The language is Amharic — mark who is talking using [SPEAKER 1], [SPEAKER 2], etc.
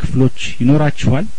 [SPEAKER 1] ክፍሎች ይኖራችኋል